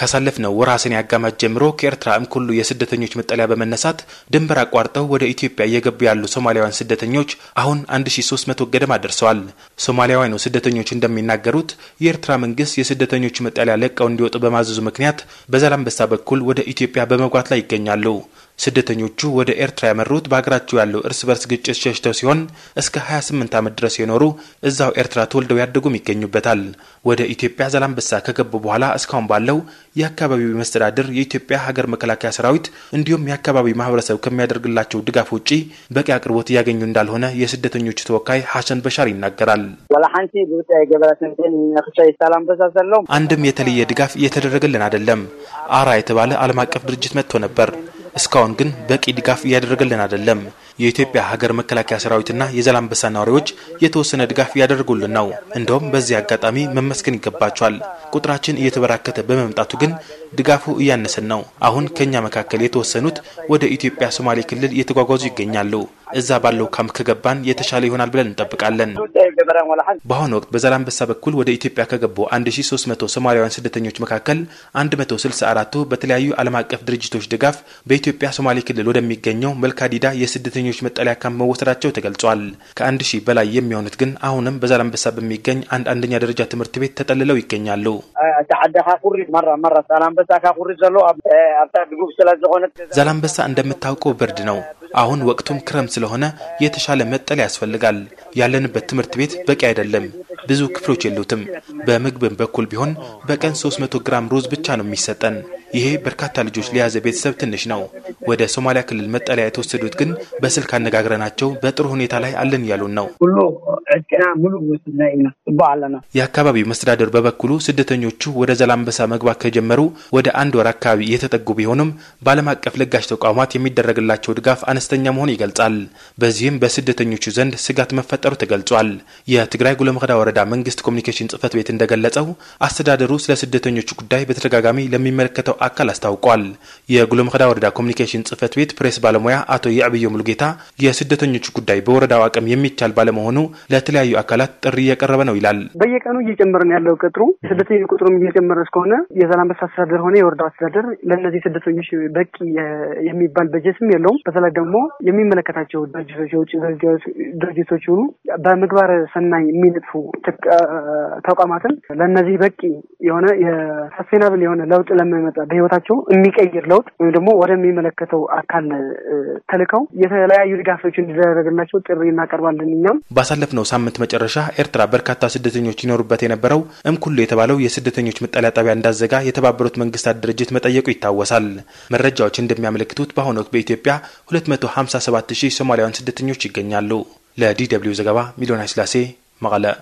ካሳለፍነው ወር ሐሰኔ አጋማሽ ጀምሮ ከኤርትራ እምኩሉ የስደተኞች መጠለያ በመነሳት ድንበር አቋርጠው ወደ ኢትዮጵያ እየገቡ ያሉ ሶማሊያውያን ስደተኞች አሁን 1300 ገደማ ደርሰዋል። ሶማሊያውያኑ ስደተኞች እንደሚናገሩት የኤርትራ መንግስት የስደተኞች መጠለያ ለቀው እንዲወጡ በማዘዙ ምክንያት በዛላምበሳ በኩል ወደ ኢትዮጵያ በመጓት ላይ ይገኛሉ። ስደተኞቹ ወደ ኤርትራ ያመሩት በሀገራቸው ያለው እርስ በርስ ግጭት ሸሽተው ሲሆን እስከ 28 ዓመት ድረስ የኖሩ እዛው ኤርትራ ተወልደው ያደጉም ይገኙበታል። ወደ ኢትዮጵያ ዛላንበሳ ከገቡ በኋላ እስካሁን ባለው የአካባቢው መስተዳድር፣ የኢትዮጵያ ሀገር መከላከያ ሰራዊት እንዲሁም የአካባቢው ማህበረሰብ ከሚያደርግላቸው ድጋፍ ውጪ በቂ አቅርቦት እያገኙ እንዳልሆነ የስደተኞቹ ተወካይ ሀሰን በሻር ይናገራል። አንድም የተለየ ድጋፍ እየተደረገልን አይደለም። አራ የተባለ ዓለም አቀፍ ድርጅት መጥቶ ነበር። እስካሁን ግን በቂ ድጋፍ እያደረገልን አይደለም። የኢትዮጵያ ሀገር መከላከያ ሰራዊትና በሳ ነዋሪዎች የተወሰነ ድጋፍ እያደረጉልን ነው። እንደውም በዚህ አጋጣሚ መመስገን ይገባቸዋል። ቁጥራችን እየተበራከተ በመምጣቱ ግን ድጋፉ እያነሰን ነው። አሁን ከኛ መካከል የተወሰኑት ወደ ኢትዮጵያ ሶማሌ ክልል እየተጓጓዙ ይገኛሉ። እዛ ባለው ካምፕ ከገባን የተሻለ ይሆናል ብለን እንጠብቃለን። በአሁኑ ወቅት በዛላንበሳ በኩል ወደ ኢትዮጵያ ከገቡ 1300 ሶማሊያውያን ስደተኞች መካከል 164ቱ በተለያዩ ዓለም አቀፍ ድርጅቶች ድጋፍ በኢትዮጵያ ሶማሌ ክልል ወደሚገኘው መልካዲዳ የስደተኞች መጠለያ ካምፕ መወሰዳቸው ተገልጿል። ከአንድ ሺህ በላይ የሚሆኑት ግን አሁንም በዛላንበሳ በሚገኝ አንድ አንደኛ ደረጃ ትምህርት ቤት ተጠልለው ይገኛሉ። ዛላንበሳ እንደምታውቀው ብርድ ነው። አሁን ወቅቱም ክረምት ስለሆነ የተሻለ መጠለያ ያስፈልጋል። ያለንበት ትምህርት ቤት በቂ አይደለም፣ ብዙ ክፍሎች የሉትም። በምግብም በኩል ቢሆን በቀን 300 ግራም ሩዝ ብቻ ነው የሚሰጠን። ይሄ በርካታ ልጆች ለያዘ ቤተሰብ ትንሽ ነው። ወደ ሶማሊያ ክልል መጠለያ የተወሰዱት ግን በስልክ አነጋግረናቸው በጥሩ ሁኔታ ላይ አለን እያሉን ነው። የአካባቢው መስተዳደር በበኩሉ ስደተኞቹ ወደ ዘላንበሳ መግባት ከጀመሩ ወደ አንድ ወር አካባቢ እየተጠጉ ቢሆንም በዓለም አቀፍ ለጋሽ ተቋማት የሚደረግላቸው ድጋፍ አነስተኛ መሆን ይገልጻል። በዚህም በስደተኞቹ ዘንድ ስጋት መፈጠሩ ተገልጿል። የትግራይ ጉለምዳ ወረዳ መንግስት ኮሚኒኬሽን ጽህፈት ቤት እንደገለጸው አስተዳደሩ ስለ ስደተኞቹ ጉዳይ በተደጋጋሚ ለሚመለከተው አካል አስታውቋል። የጉሎምከዳ ወረዳ ኮሚኒኬሽን ጽህፈት ቤት ፕሬስ ባለሙያ አቶ የአብዮ ሙሉጌታ የስደተኞቹ ጉዳይ በወረዳው አቅም የሚቻል ባለመሆኑ ለተለያዩ አካላት ጥሪ እየቀረበ ነው ይላል። በየቀኑ እየጨመረ ነው ያለው ቅጥሩ ስደተኞች ቁጥሩም እየጨመረ እስከሆነ የዛላምበሳ አስተዳደር ሆነ የወረዳው አስተዳደር ለእነዚህ ስደተኞች በቂ የሚባል በጀትም የለውም። በተለይ ደግሞ የሚመለከታቸው ድርጅቶች፣ የውጭ ድርጅቶች ሁሉ በምግባር ሰናይ የሚነጥፉ ተቋማትን ለእነዚህ በቂ የሆነ የሰስቴናብል የሆነ ለውጥ ለሚመጣ በህይወታቸው የሚቀይር ለውጥ ወይም ደግሞ ወደሚመለከተው አካል ተልከው የተለያዩ ድጋፎች እንዲደረግላቸው ጥሪ እናቀርባለን። እኛም ባሳለፍነው ሳምንት መጨረሻ ኤርትራ በርካታ ስደተኞች ይኖሩበት የነበረው እምኩሉ የተባለው የስደተኞች መጠለያ ጣቢያ እንዳዘጋ የተባበሩት መንግስታት ድርጅት መጠየቁ ይታወሳል። መረጃዎች እንደሚያመለክቱት በአሁኑ ወቅት በኢትዮጵያ 257 ሺህ ሶማሊያውያን ስደተኞች ይገኛሉ። ለዲ ደብልዩ ዘገባ ሚሊዮን ስላሴ መቀለ